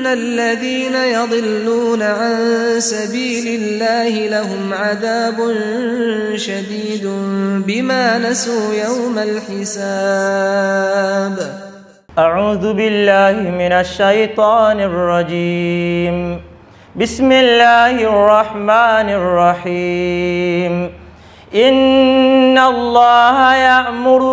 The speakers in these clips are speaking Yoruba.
ان الذين يضلون عن سبيل الله لهم عذاب شديد بما نسوا يوم الحساب اعوذ بالله من الشيطان الرجيم بسم الله الرحمن الرحيم ان الله يأمر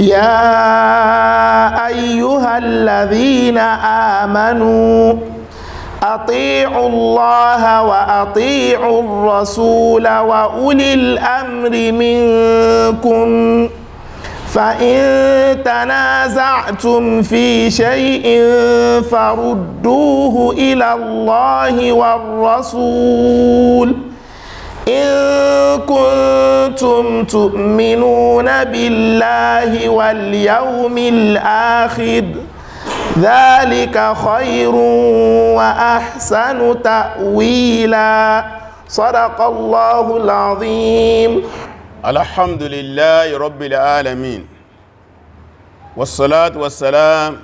يا أيها الذين آمنوا أطيعوا الله وأطيعوا الرسول وأولي الأمر منكم فإن تنازعتم في شيء فردوه إلى الله والرسول إن كنتم تؤمنون بالله واليوم الآخر ذلك خير وأحسن تأويلا صدق الله العظيم الحمد لله رب العالمين والصلاة والسلام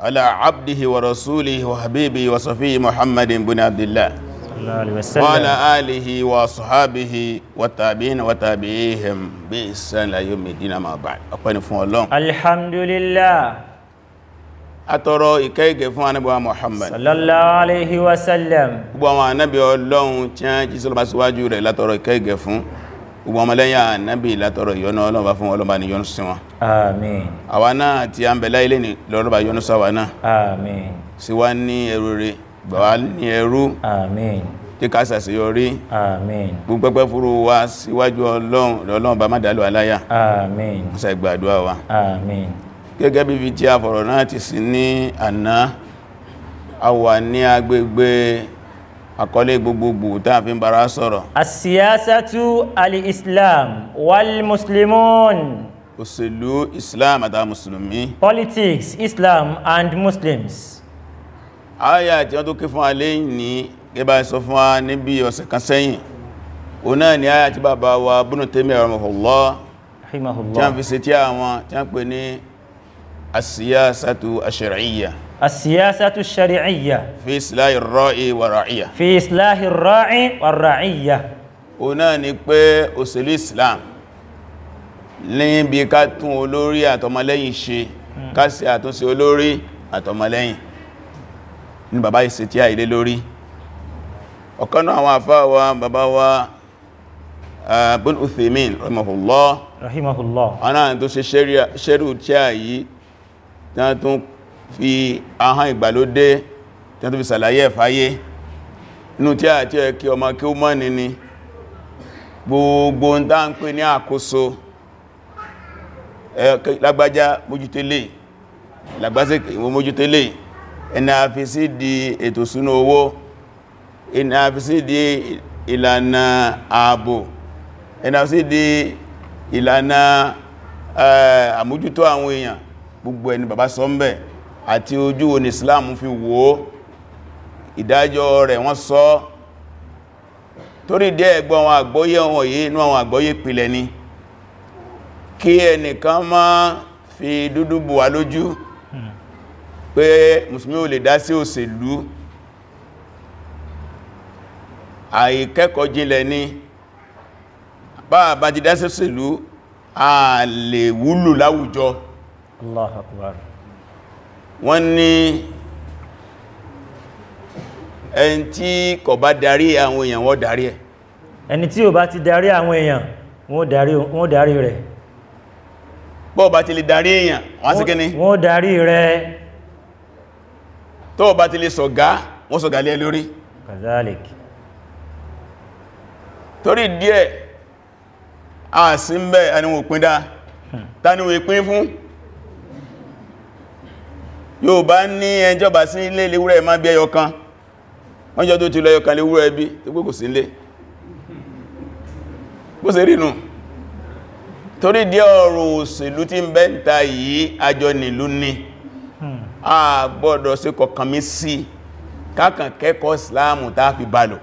على عبده ورسوله وحبيبه وصفيه محمد بن عبد الله وعلى آله وصحابه والتابعين وتابعيهم بإحسان إلى يوم الدين ما بعد أقول فún Ọlọ́run الحمد لله atọrọ ìkẹ́ ìgẹ̀ fún anábíwa Muhammad sallallahu alaihi wasallam gbogbo àwọn anábí Ọlọ́run tí a jí sọ́lọ́bá síwájú rẹ̀ látọrọ ìkẹ́ ìgẹ̀ fún gbogbo ọmọlẹ́yìn anábí látọrọ ìyọ́nà ọlọ́ba fún ọlọ́ba ni yọ́nú sí wọn àmín àwa náà tí a ń bẹ̀lá ilé ni lọ́lọ́ba yọ́nú sáwà náà àmín sí wá ní ẹrù rẹ̀ gbàwá ní ẹrú àmín tí ká ṣàṣeyọrí àmín gbogbo fúrú wa síwájú ọlọ́run ọlọ́run bá má dálù aláyà ṣe gbàdúwà wa àmín gẹ́gẹ́ bí fi tí a fọ̀rọ̀ náà ti sí ní àná a wà ní agbègbè àkọlé gbogbogbò táà fi ń bára sọ̀rọ̀ islam wal-muslimun òṣèlú islam àtà musulmi politics islam and muslims àyà tí wọ́n tó ké fún alé ní gẹ́bà sọ fún wa níbi ọ̀sẹ̀ kan sẹ́yìn o náà ni àyà tí bàbá wa Ibn Taymiyyah rahimahullah tí wọ́n fi ṣe tí àwọn tí wọ́n pè ní asíyásátù ash-shar'iyya asíyásátù ash-shar'iyya fi islahir ra'i wa ra'iyya fi ní bàbá ìsẹ̀ tí a ilé lórí ọ̀kanú àwọn àfáwà bàbá wa bin Uthaymin rahimahullah rahimahullah aná tó ṣe ṣẹ́rù tí a yí tí a tún fi ahán ìgbàlódé tí a tún fi sàlàyé ẹ̀fáyé inú tí a tí ẹ kí ọmọ kí ó mọ́ ní ni gbogbo ń dá ń pè ní àkóso lágbájá mójútélé lágbájá mójútélé ẹni a fi sí di ètò súnú owó ẹni a fi sí di ìlànà ààbò ẹni a fi sí di ìlànà eh, àmójútó àwọn èèyàn gbogbo ẹni bàbá sọ àti ojú wo ni Islam fi wò ó ìdájọ́ rẹ̀ wọ́n sọ torí díẹ̀ ẹgbọ́n àwọn àgbọ́yé wọn yìí inú àwọn àgbọ́yé pìlẹ̀ ni kí ẹnìkan má fi dúdú bù lójú pé mùsùlùmí ò lè dá sí òṣèlú àìkẹ́kọ̀ọ́ jinlẹ̀ ni bá bá ti dá sí òṣèlú a lè wúlò láwùjọ Allahu Akbar wọ́n ní ẹni tí kò bá darí àwọn èèyàn wọ́n darí ẹ̀ ẹni tí ò bá ti darí àwọn èèyàn wọ́n darí rẹ̀ bó bá ti lè darí èèyàn wọ́n sì kí ni wọ́n darí rẹ̀ tó bá ti lè sọ̀gá wọ́n sọ̀gá lé lórí kazalik torí díẹ̀ a sí ń bẹ́ ẹniwò pín dá tániwò pín fún yóò bá ní ẹjọba sí ilé léwúrẹ́ má bí ẹyọ kan wọ́n jọ tó ti lọ ẹyọkan léwúrẹ́ ẹbí tó gbé sí ilé bó ṣe rínú torí díẹ̀ ọ̀rọ̀ òṣèlú tí ń bẹ́ ń ta yìí àjọ nìlú ni, luni a gbọ́dọ̀ sí kọkàn mí sí kákàn kẹ́kọ̀ọ́ islamu tá fi balò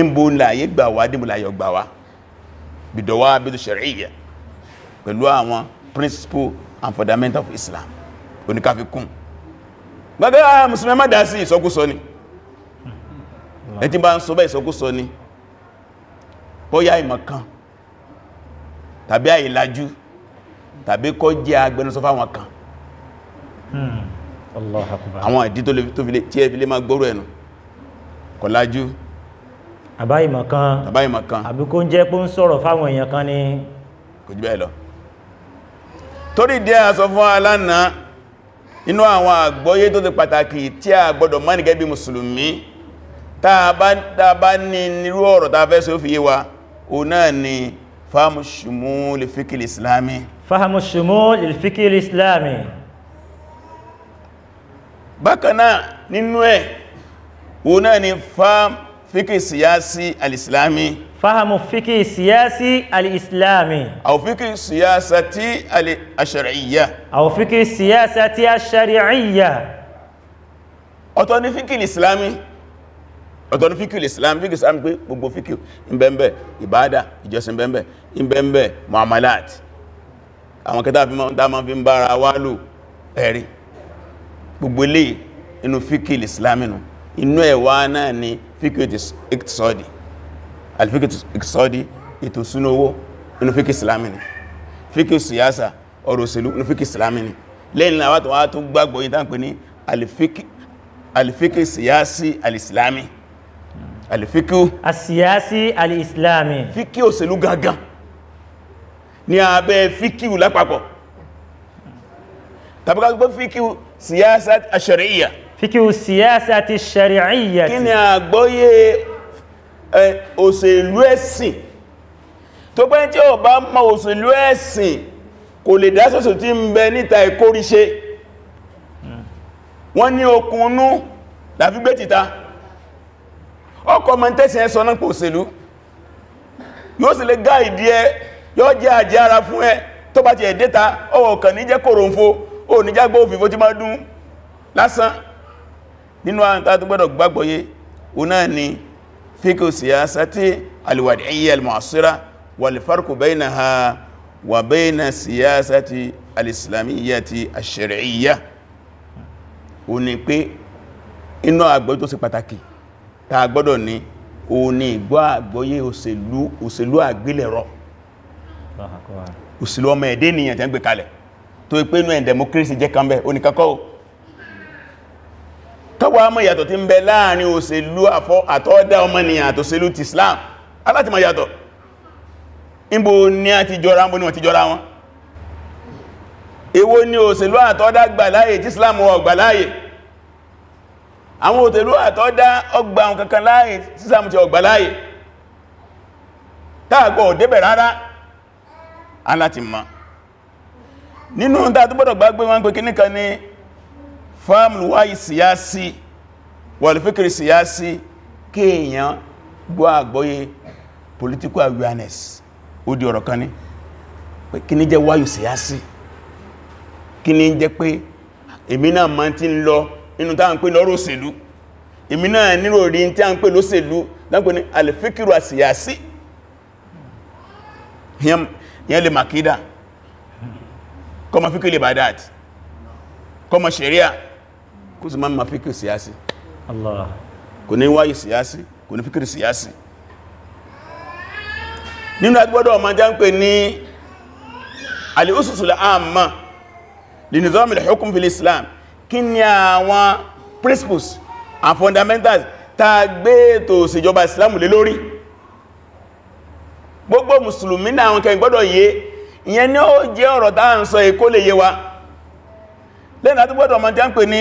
ìbò láyé gbà wá dìbò láyé ọgbà wá bìdọ̀wà bìdọ̀ sharia pẹ̀lú àwọn principle and fundamental of islam oníkàfikún gbogbo ah, musulmi má dá sí ìsọkúsọ ni ẹ̀tí bá ń sọ bẹ́ ìsọkúsọ ni bóyá ìmọ̀kan tàbí àìlájú tàbí kó jẹ́ agbẹnusọ fáwọn kan Hmm. àwọn ìdí tó fi lè tí ẹ fi lè máa gbọ́rọ̀ ẹ̀nà kọ̀lájú àbáyìmọ̀ kan àbí kó ń jẹ́ pó ń sọ̀rọ̀ fáwọn èèyàn kan ní kò jù bẹ́ẹ̀ lọ torí díẹ̀ aṣọ fún alánà inú àwọn àgbọ́yé tó ti pàtàkì tí a gbọ́dọ̀ mọ̀ nígẹ́ bí mùsùlùmí ni fahamu shumul fikil islami fahamu shumul fikil islami bákanáà nínú ẹ̀ wo náà ni fam fíkì síyásí alìsìlámi fahamu fíkì síyásí alìsìlámi àwọn fíkì síyásá tí alìṣàríyà àwọn fíkì síyásá tí aṣàríyà ọ̀tọ̀ ni fíkì alìsìlámi ọ̀tọ̀ ní fíkìl islam fíkìl islam pé gbogbo fíkìl ìbẹ̀m̀bẹ̀ ìbádà ìjọsìn bẹ̀m̀bẹ̀ ìbẹ̀m̀bẹ̀ muamalat àwọn kẹta fi ma ń bára wá lò ẹ̀rí gbogbo lè inú fíkìl islaminu inú ẹ̀wà náà ni fíkìl iktisọ́dì alfíkìl iktisọ́dì ètò súnú owó inú fíkìl islaminu fíkìl siyasa ọ̀rọ̀ òṣèlú inú fíkìl islaminu lẹ́yìn àwọn àtọwà tó gbàgbọ́ yí tán pè ní alfíkìl siyasi alislami alfíkìl asiyasi alislami fíkìl òṣèlú gangan ní abẹ́ fíkìl lápapọ̀ tàbí ká gbọ́ siyasa ash-shar'iyya fíkíhù siyasa ti ṣari'iyya kí ni àgbọ́yé òṣèlú ẹ̀sìn tó pẹ́ tí ó bá mọ̀ òṣèlú ẹ̀sìn kò lè dásòsò tí ń bẹ níta ìkóríṣe wọ́n ní okùnnú làfígbé títà ọkọ̀ mọ̀ tẹ́sìn ẹ̀ sọ́nà pò òṣèlú yóò sì lè gáìdí ẹ yóò jẹ́ àjẹ́ ara fún ẹ tó bá ti ẹ̀dẹ́ta ọwọ̀ kàn ní jẹ́ kòròǹfò ó ní jágbó òfin fó ti máa dún lásán nínú àǹtà tó gbọ́dọ̀ gbàgbọ́yé ọ̀nà ni fíkò siyasati alwad'iyya almu'asira wal farqu bainaha wa baina siyasati alislamiyyati ash-shar'iyya ó ní pé inú àgbọ́ tó ṣe pàtàkì tá a gbọ́dọ̀ ọmọ ẹ̀dẹ́ ènìyàn tẹ́ ń gbé kalẹ̀ tó ipé inú ẹ̀ democracy jẹ́ kan bẹ́ oníkankọ́ káwà mọ̀ yàtọ̀ tí ń bẹ láàrin òṣèlú àtọ́dá ọmọnìyàn àtòṣèlú ti Islam aláti mọ̀ yàtọ̀ ìbò ní a ti jọra wọn ni wọ́n ti jọra wọn èwo ni òṣèlú àtọ́dá gbà láàyè Islam wọ́n gbà láàyè àwọn òṣèlú àtọ́dá ọgbà àwọn Islam ti ọgbà láàyè táàgbọ̀ òdébẹ̀ rárá nínú ọ̀dá tó gbọ́dọ̀ gbàgbé wọn pé kí níkan ní fáàmùlù wáyìí síyásí wọ̀lùfíkiri síyásí kéèyàn gbọ́ àgbọ́yé political awareness ó di ọ̀rọ̀ kan ní pé kí ní jẹ́ wáyìí síyásí kí ní jẹ́ pé èmi náà máa ti ń lọ inú táà ń pè lọ́rọ̀ òṣèlú èmi náà nírò rí tí a ń pè lóṣèlú dápẹ́ ní alìfíkiri àsìyásí ìyẹn lè màkídà kọmọ fíkí lè bàdát kọmọ ṣẹ̀ríà kó sì máa fíkí síyásí Allah kò ní wáyé síyásí kò ní fíkí síyásí nínú agbọ́dọ̀ ọmọ já ń pè ní alìúsùsùlá àmà lè hukum fil Islam kí ni àwọn principles and fundamentals ta gbé ètò ìṣèjọba Islam lé lórí gbogbo mùsùlùmí náà wọn kẹ́ ìyẹn ni ó jẹ́ ọ̀rọ̀ tá à ń sọ èkó lè yé wa lẹ́nà àti gbọ́dọ̀ ma jẹ́ ń pè ní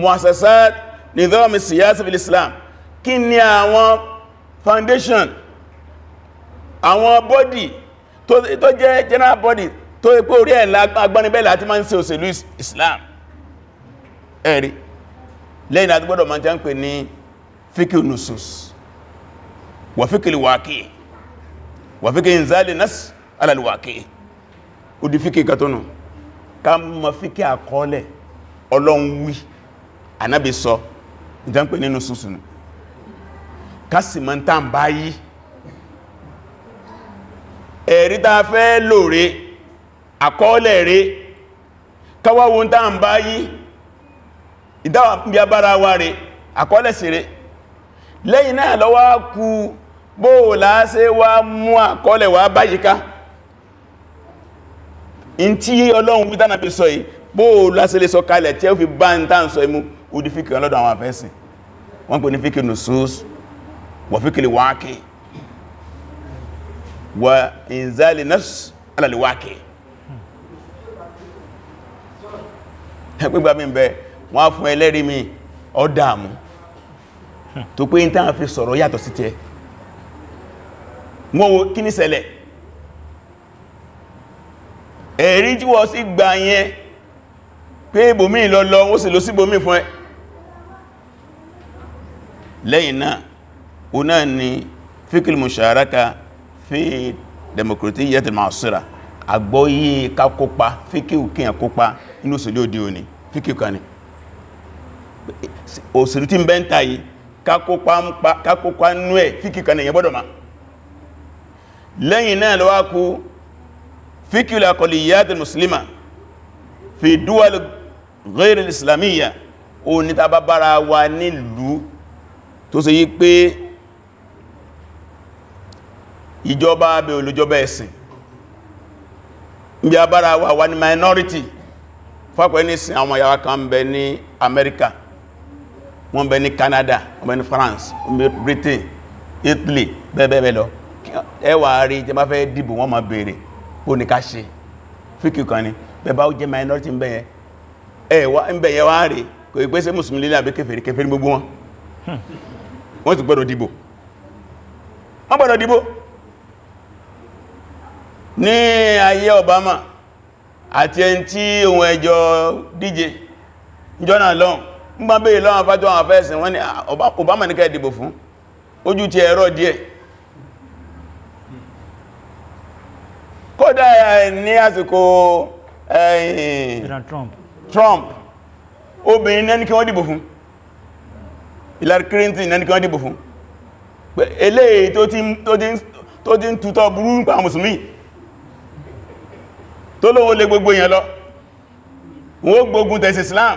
muassasat nizam siyasa islam kí ni àwọn foundation àwọn body tó jẹ́ general body tó ipò orí ẹ̀ agbọ́nibẹ̀lẹ̀ àti máa ń ṣe òṣèlú islam ẹ̀rí lẹ́yìn àti gbọ́dọ̀ ma jẹ́ ń pè ní fíkì nusus wà fíkì wàkí wà fíkì inzali nas alalwàkí odi fike kan ka mo fike akole olohun wi anabi so njan pe ninu susunu ka si man tan bayi eri ta fe lore akole re kawawunta wa won tan bayi ida wa bi abara wa re leyin na lo ku bo la se wa mu akole wa bayi ka in tí ọlọ́run wítánà bí sọ yìí bó lásílẹ̀ sọ kalẹ̀ tí ó fi bá ń tàn sọ imú ó di fíkì ọlọ́dọ̀ àwọn afẹ́sìn wọ́n pè ní fíkì nusus wọ́n fíkì lè wáàkì wà ìzàlẹ̀ nọ́sù alàlèwáàkì ẹgbẹ́gbà mi bẹ wọ́n fún ẹ̀rí tí wọ́n sì gbà yẹn pé ibòmí lọ́lọ́ ó sì lọ sí ibòmí fún ẹ lẹ́yìn náà o náà ni fíkìl musharaka fi demokratiyyat al-ma'asira àgbọ́yé ká kópa fíkìl kíyàn kópa inú òṣèlú òdí òní fíkìl kan ni òṣèlú tí ń bẹ́ ń ta yìí ká nú ẹ̀ fíkìl kan ni èyàn ma lẹ́yìn náà lọ́wọ́ فقه الأقليات المسلمة في دول غير الإسلامية ó ní tá bá bára wa nílùú tó ṣe yí pé ìjọba abẹ́ olójọba ẹ̀sìn ibi abára wa wà ní minority fápẹ́ ní sin àwọn ìyàwó kan ń bẹ ní America wọ́n bẹ ní Canada wọ́n bẹ ní France wọ́n bẹ Britain Italy bẹ́ẹ̀bẹ́ẹ̀ lọ ẹwà rí tẹ́ bá fẹ́ dìbò wọ́n máa béèrè ó ní ká ṣe fíkì kan ni bẹba ó jẹ́ minority ńbẹ̀yẹ ẹ̀wà ńbẹ̀yẹ wá rẹ̀ kò ìgbé sí mùsùlùmí lílẹ̀ àbí gbogbo wọn wọ́n ti gbọ́dọ̀ dìbò wọ́n dìbò ní ayé Obama àti ẹni tí ohun ẹjọ́ díje jọ́nà lọ́n ń gbá bèèrè lọ́wọ́n fájọ́ àwọn afẹ́ẹ̀sìn wọ́n ni ah, Obama ní ká dìbò fún ojú ti ẹ̀rọ kódà eh, ní àsìkò eh, Trump obìnrin trump kí wọ́n dìbò fún Hillary Clinton náà kí wọ́n dìbò fún eléyìí tó ti ń tutọ́ burú ń pa tó gbogbo èèyàn lọ Islam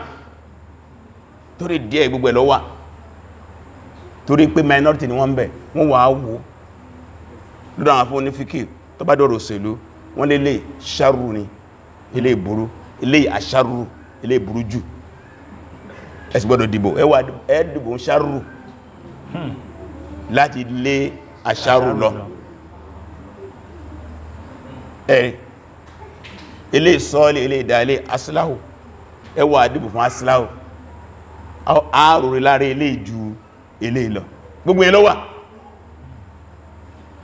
torí díẹ̀ gbogbo ẹ̀ torí pé minority ni wọ́n bẹ̀ wọ́n wà á wò lọ́dọ̀ àwọn wọ́n lè lè ṣarú ni ilé ìbúrú ilé àṣarú ilé ìbúrú jù ẹ̀sì gbọ́dọ̀ dìbò ẹwà ẹ̀dìbò ń ṣarú hmm. láti lé àṣarú lọ ẹ̀rì ilé ìsọ́ọ̀lì ilé ìdálé asíláhù ẹwà àdìbò fún asíláhù ààrùn rí láàrin ilé ìjú ilé ìlọ gbogbo ẹlọ́wà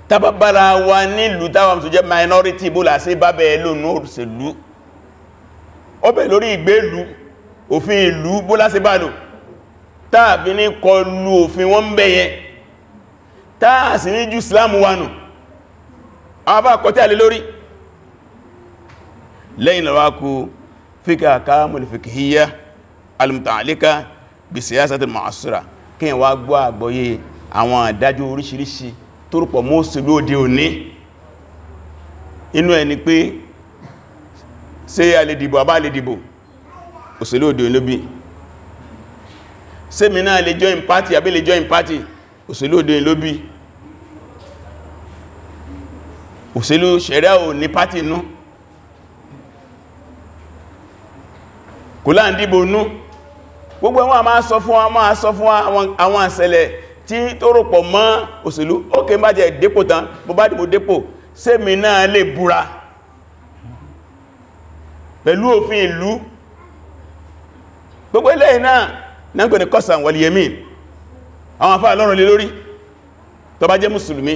tababara wa nílùú táwọn tó jẹ́ minority bó làṣẹ bábẹ̀ lónú òṣèlú ọbẹ̀ lórí ìgbélú òfin ìlú bó làṣẹ bá lò tààfi ní kọlu òfin wọn bẹ̀yẹ tààsì ní jù islamu wa nù àwọn bá kọtí alẹ́ lórí lẹ́yìn lọ́wákú fíkà káàmùl fìkìhíyà alìmùtàlíkà bí tó rúpọ̀ mọ́sí lóde òní inú ẹni pé ṣe a lè dìbò àbá lè dìbò òṣèlú òde òní bí ṣe mi náà lè join party àbí lè join party òṣèlú òde òní bí òṣèlú ṣẹ̀rẹ́ ò ní party nú kò láà dìbò nú gbogbo wọn a máa sọ fún àwọn àṣẹlẹ̀ tí tó rọ̀pọ̀ mọ́ òṣèlú ókè má jẹ́ dépò tán bó bá dìbò dépò sẹ́mi náà lè búra pẹ̀lú òfin ìlú gbogbo ilẹ̀ náà na ń pè ní kọsàn wal yamin àwọn afá lọ́rùn lé lórí tó bá jẹ́ mùsùlùmí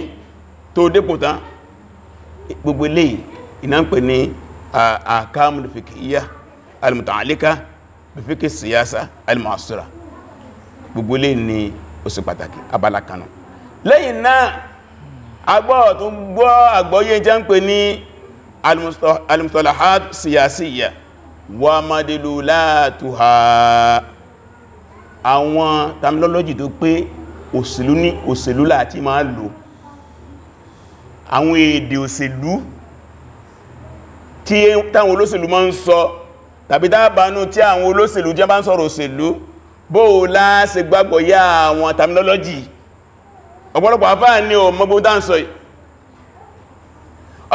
tó dépò tán gbogbo ilẹ̀ iná ń pè ní àkámùl fiqhiyya al-muta'allika bi fiqhi siyasa al-mu'assira gbogbo ilẹ̀ ni ó sì pàtàkì abala kanú lẹ́yìn náà agbọ́ tó gbọ́ àgbọ́yé jẹ́ ń pè ní al-mustalahat siyasiyya wa madlulatuha àwọn terminology tó pé òṣèlú ní òṣèlú láti máa lò àwọn èdè òṣèlú tí táwọn olóṣèlú máa ń sọ tàbí dábánú tí àwọn olóṣèlú jẹ́ bá ń sọ̀rọ̀ òṣèlú bóò láàṣe gbàgbọ́ yá àwọn terminology ọ̀pọ̀lọpọ̀ àfáà ní o mọ́gbó dáńsọ̀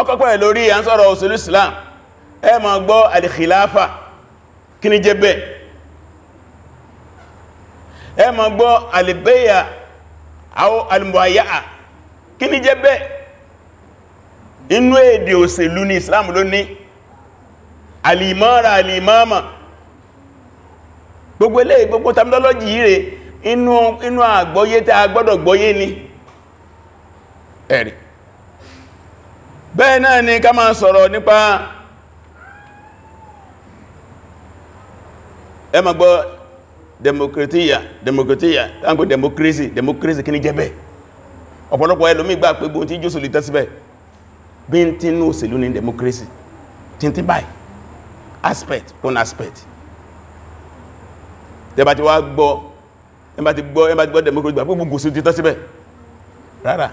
ọkọ̀pẹ̀ lórí à ń sọ̀rọ̀ òṣèlú Islam ẹ ma gbọ́ al-khilafa kí ni jẹ́ bẹ́ẹ̀ ẹ ma gbọ́ al-bay'a aw al-mubay'a gbogbo eléyìí gbogbo terminology yìí rẹ̀ inú àgbọ́yé tí a gbọ́dọ̀ gbọ́yé ni ẹ̀rì bẹ́ẹ̀ náà ni ká máa sọ̀rọ̀ nípa ẹ máa gbọ́ democratia democratia tánkò democracy democracy kí ní jẹ́ bẹ́ẹ̀ ọ̀pọ̀lọpọ̀ ẹlòmí gbà pé gbóhun tí jósù lè tẹ́síbẹ̀ bí aspect on aspect tẹba ti wá gbọ́ ẹmbà ti gbọ́ ẹmbà ti gbọ́ democracy gbogbo gùsù ti tọ́ síbẹ̀ rárá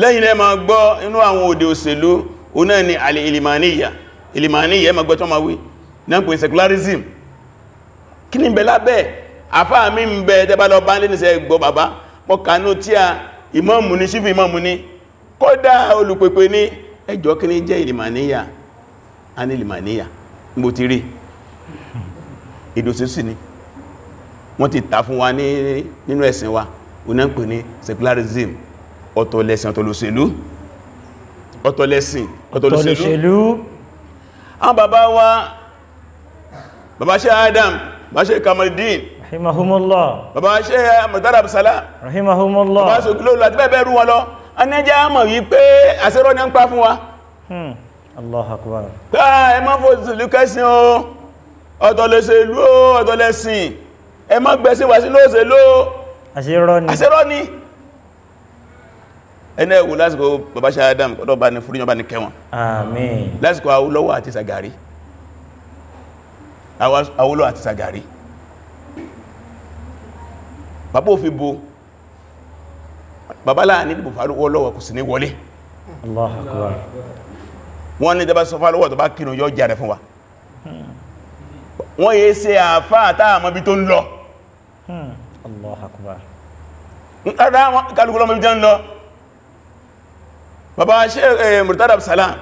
lẹ́yìn lẹ́ ma gbọ́ inú àwọn òde òṣèlú oná ni alì ilimaniya ilimaniya ma gbọ́ tó ma wí náà pè secularism kí ni bẹ̀lá bẹ́ àfá mi ń bẹ tẹba lọ bá lé nìṣẹ́ gbọ́ bàbá pọ̀kánú tí a ìmáàmù ni ṣífì ìmáàmù ni kódà olùpẹ̀pẹ̀ ní ẹjọ́ kí ni jẹ́ ilimaniya anílìmaniya mo ti ìdòsínsì ni wọ́n ti tà fún wa ní nínú ẹ̀sìn wa oná ń pè ní secularism ọ̀tọ̀lẹ̀sìn ọ̀tọ̀lòṣèlú ọ̀tọ̀lẹ̀sìn ọ̀tọ̀lòṣèlú àwọn bàbá wa bàbá ṣe Adam bàbá ṣe Kamaldeen rahimahumullah bàbá ṣe mọ̀tàrà abúsálà rahimahumullah bàbá ṣe gúlò láti bẹ́ẹ̀ bẹ́ẹ̀ rú wọn lọ anẹ́jẹ́ àmọ̀ yí pé àṣírọ́ ní ń pa fún wa hmm. Allah akbar ọ̀tọ̀lẹ́sẹ̀ ìlú ọ̀tọ̀lẹ́sìn ẹ má gbẹ̀sí wà sí lóòsẹ̀ ló àṣírọ́ ní ẹni ẹ̀wù lásìkò bàbá ṣe adam ọ̀dọ̀ bá ní fúríyàn bá ní kẹwọn àmín lásìkò Awólọ́wọ̀ àti Ṣàgárì Awólọ́wọ̀ àti Ṣàgárì bàbá òfin bo bàbá láà ní ìdìbò fàárúwọ́lọ́wọ̀ kò sí ní wọlé Allahu Akbar wọ́n ní ìjọba sọfà lọ́wọ́ tó bá kírun yóò jẹ́ rẹ̀ fún wa wọ́n yẹ ṣe àfá àtàmọ́bí tó ń lọ hmm. Allahu Akbar rárá wọn kálùkù lọ́mọ́bí tó ń lọ bàbá ṣe eh, Murtada Absalam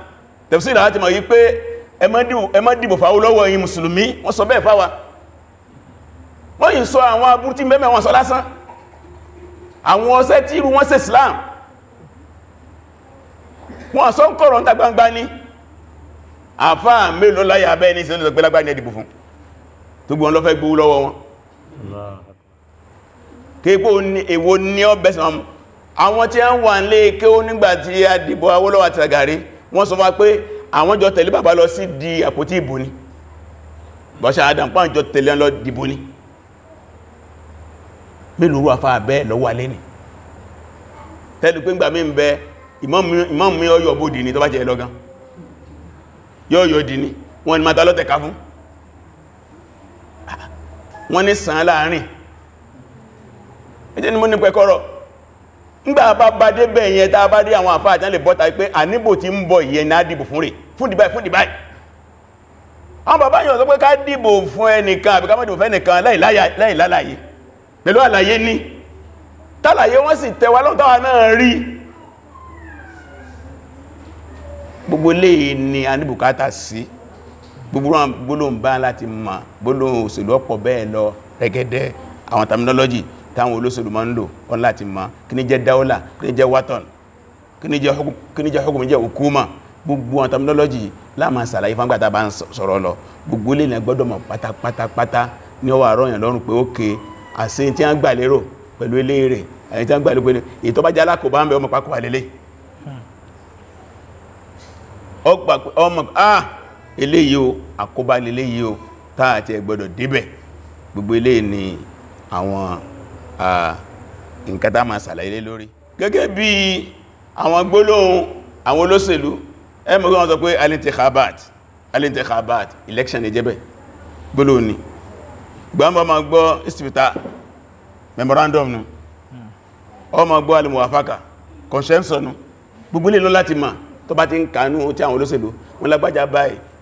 tafsir àti mọ̀ yí pé ẹmọ́ dìbò fàwọ́ lọ́wọ́ yìí mùsùlùmí wọ́n sọ bẹ́ẹ̀ yìí sọ àwọn abúrútí mẹ́mẹ́ wọn sọ lásán àwọn ọ̀sẹ̀ tí irú wọ́n ṣe Islam wọ́n sọ ń kọ̀rọ̀ ń tagbangba ní àfáà mélòó abẹ́ ní ìsinmi ìsọ̀gbẹ́lágbà ní ẹdìbò fún tó gbọ́n lọ fẹ́ gbówó lọ́wọ́ wọn kéèkó èwo ní ọbẹ̀sàn àwọn tí a ń wà ń lé ké ó nígbàtí a dìbò Awólọ́wọ̀ àti Ṣàgàrí wọ́n sọ fún wa pé àwọn jọ tẹ̀lé bàbá lọ sí di àpótí ìbò ni bọ́ṣà àdàmpá jọ tẹ̀lé lọ dìbò ni mélòó afá bẹ́ẹ̀ lọ́wọ́ alẹ́ ni tẹ́lù pé ńgbà mí ń bẹ wọ́n ní sàn láàrin ẹjẹ́ ni mo ní pẹ̀kọ́rọ̀ ńgbà bá bá dé bẹ̀ yẹn bá dé àwọn àfáà tán lè bọ́ta pé àníbò tí ń bọ̀ yẹn náà dìbò fún rẹ̀ fún dìbáì fún dìbáì àwọn bàbá yàn sọ pé ká dìbò fún ẹnìkan àbí mọ́ dìbò fún ni. gbogbo gbólóhùn bá láti mọ̀ gbólóhùn òṣèlú ọ̀pọ̀ bẹ́ẹ̀ lọ rẹ̀gẹ̀dẹ̀ àwọn terminology táwọn olóṣèlú máa ń lò ọ láti mọ̀ kí ní jẹ́ dáúlà kí ní jẹ́ watan kí ní jẹ́ hukum jẹ́ hukuma gbogbo àwọn terminology láàmà sàlàyé fún àgbàtà bá ń sọ̀rọ̀ lọ gbogbo lè ní gbọ́dọ̀ mọ̀ a ń gbà lérò pẹ̀lú ilé rẹ̀ àyíká ń gbà lérò pẹ̀lú ètò bá ọmọ hmm. ah eléyìí o àkóbá eléyìí o táà ti ẹgbọ́dọ̀ débẹ̀ gbogbo eléyìí ni àwọn nǹkan tá máa sàlàyé lórí gẹ́gẹ́ bí àwọn gbólóhùn àwọn olóṣèlú ẹ mọ̀ wọ́n sọ pé alintikhabat alintikhabat election ni jẹ́bẹ̀ gbólóhùn ni gbọ́nbọ́ ma gbọ́ istifita memorandum nù ọ gbọ́ alimuwafaka consensus nù gbogbo ilé lọ láti ma tó bá ti ń kàánú tí àwọn olóṣèlú wọn lágbájá báyìí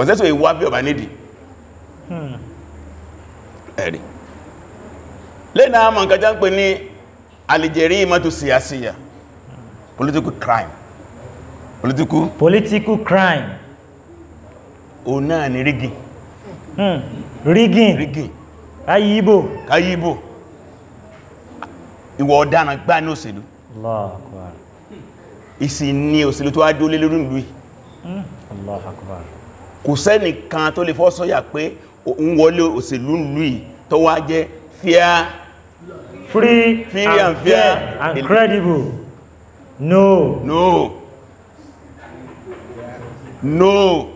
consensus èyí wá bí ọba nídi hmm. ẹ̀rí lẹ́nà àmà nǹkan já ń pè ní alìjẹ̀rí ìmọ̀tò síyásíyà political crime political political crime o náà ni rigging hmm. rigging rigging káyíbò káyíbò ìwọ̀ ọ̀daràn gbá ní òṣèlú Allah akbar ìsìn ni òṣèlú tó wá dólé lórí ìlú hmm. Allah akbar kò sẹ́nìkan tó lè fọ́ sọ́yà pé òun wọlé òṣèlú ìlú tó wá jẹ́ fair free, and, and fair and credible no no no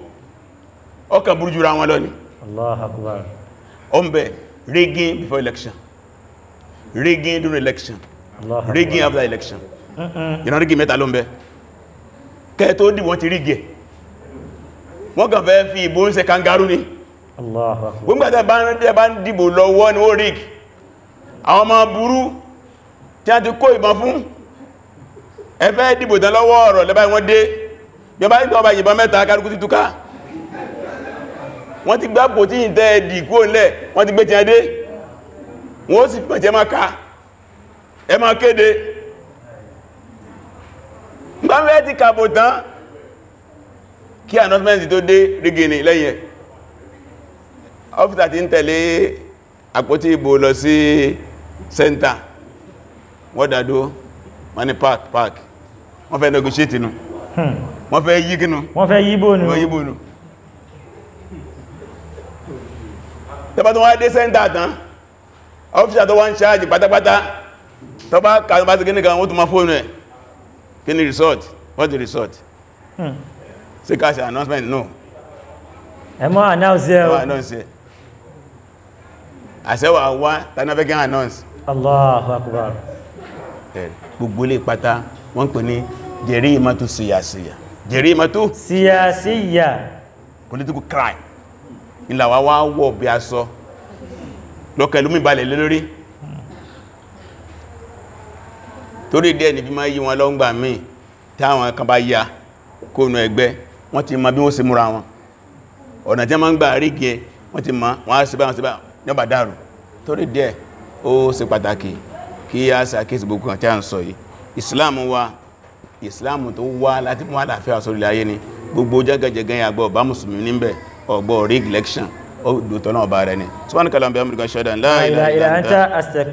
ọkàn burú jùra wọn lọ ni Allah akbar ọmọbẹ rigging before election rigging during election rigging after election ìran rigging mẹ́ta ló ń bẹ kẹ́ tó dìbò ti rigging wọ́n kàn fẹ́ fi ìbò ń ṣe kangaroo ni gbogbo bá ń dìbò lọ́wọ́ ní orig àwọn ọmọ burú tí a ti kó ìbọn fún ẹfẹ́ dìbò tán lọ́wọ́ ọ̀rọ̀ lẹ́bá wọ́n dé yọba ní ọba ìbọn mẹ́ta kárùkú ti túká wọ́n ti gbápò tí yìí tẹ́ ẹ̀dì kó ńlẹ̀ wọ́n kéde gbámẹ́ ti kàbò kí announcement tó dé rígìnì lẹ́yìn ẹ̀ ọ́fíta ti ń tẹ̀lé àpótí ìbò lọ sí sẹ́ntà wọ́n dàdó wọ́n park park wọ́n fẹ́ negotiate nù hmm. wọ́n fẹ́ yí kínú wọ́n fẹ́ yí bónú wọ́n yí bónú tẹ́bá tó wá dé sẹ́ntà tán ọ́fíta tó wá ń ṣáàjì pátápátá tó bá kàtàbátí kíníkan wọ́n tó ma fóònù ẹ̀ kí ni resort what the resort hmm ṣe ká ṣe announcement no ẹ mọ́ announce ẹ o announce ẹ àṣẹwà wá tánàfẹ́gẹ́ announce Allahu Akbar gbogbo lè pátá wọ́n pè ní Jerry ìmọ́tú síyàsíyà jẹ̀rí ìmọ́tú síyàsíyà political crime ìlà wá wá wọ̀ bí a sọ lọ́kẹ̀ lómi balẹ̀ lórí torí dẹ́ ní fi máa yí wọn lọ́ngbà míì táwọn kan bá yá kónú ẹgbẹ́ wọ́n ti ma bí wọ́n ṣe múra wọn ọ̀nà tí a ń gbà rí wọ́n ti ma wọ́n á ṣe bá wọn ṣe bá yọba dàrú torí díẹ̀ ó ṣe pàtàkì kí a ṣàkíyèsí gbogbo àti à yìí ìsìláàmù wa ìsìláàmù tó wá láti mú àlàáfíà sórí ayé ni gbogbo jágajẹgan yà gbọ́ ọba mùsùlùmí níbẹ̀ ọgbọ́ rig election ó dòtọ́ náà bá rẹ ni subhanahu